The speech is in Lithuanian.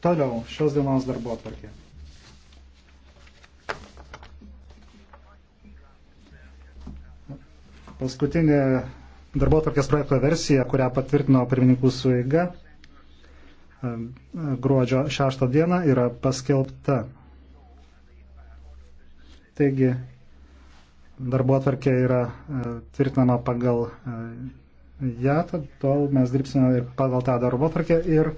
Toliau šios dienos darbo atvarkė. Paskutinė darbo atvarkės projekto versija, kurią patvirtino pirmininkų suiga e, gruodžio 6 dieną, yra paskelbta. Taigi, darbo atvarkė yra e, tvirtinama pagal e, ją, ja, tol mes dirbsime ir pagal tą darbo atvarkę ir